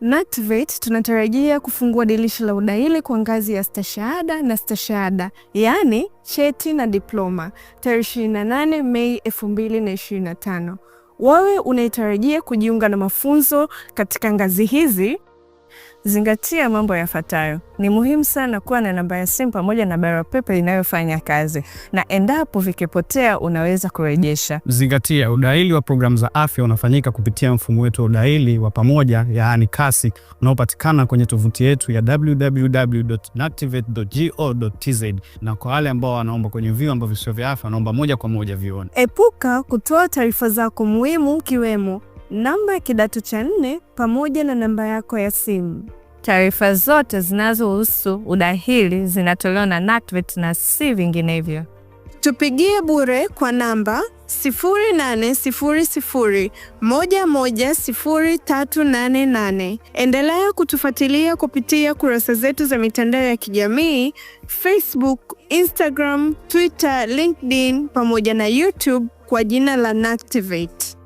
NACTVET tunatarajia kufungua dirisha la udahili kwa ngazi ya stashahada na stashahada, yaani cheti na diploma tarehe 28 Mei 2025. Wawe unaitarajia kujiunga na mafunzo katika ngazi hizi. Zingatia mambo yafuatayo. Ni muhimu sana kuwa na namba ya simu pamoja na barua pepe inayofanya kazi, na endapo vikipotea, unaweza kurejesha. Zingatia, udahili wa programu za afya unafanyika kupitia mfumo wetu wa udahili wa pamoja, yaani kasi, unaopatikana kwenye tovuti yetu ya www.nactivate.go.tz, na kwa wale ambao wanaomba kwenye vyuo ambavyo sio vya afya, wanaomba moja kwa moja vyuoni. Epuka kutoa taarifa zako muhimu, kiwemo namba ya kidato cha nne pamoja na namba yako ya simu. Taarifa zote zinazohusu udahili zinatolewa na NACTVET e na si vinginevyo. Tupigie bure kwa namba 0800110388. Endelea kutufuatilia kupitia kurasa zetu za mitandao ya kijamii Facebook, Instagram, Twitter, LinkedIn pamoja na YouTube kwa jina la NACTVET.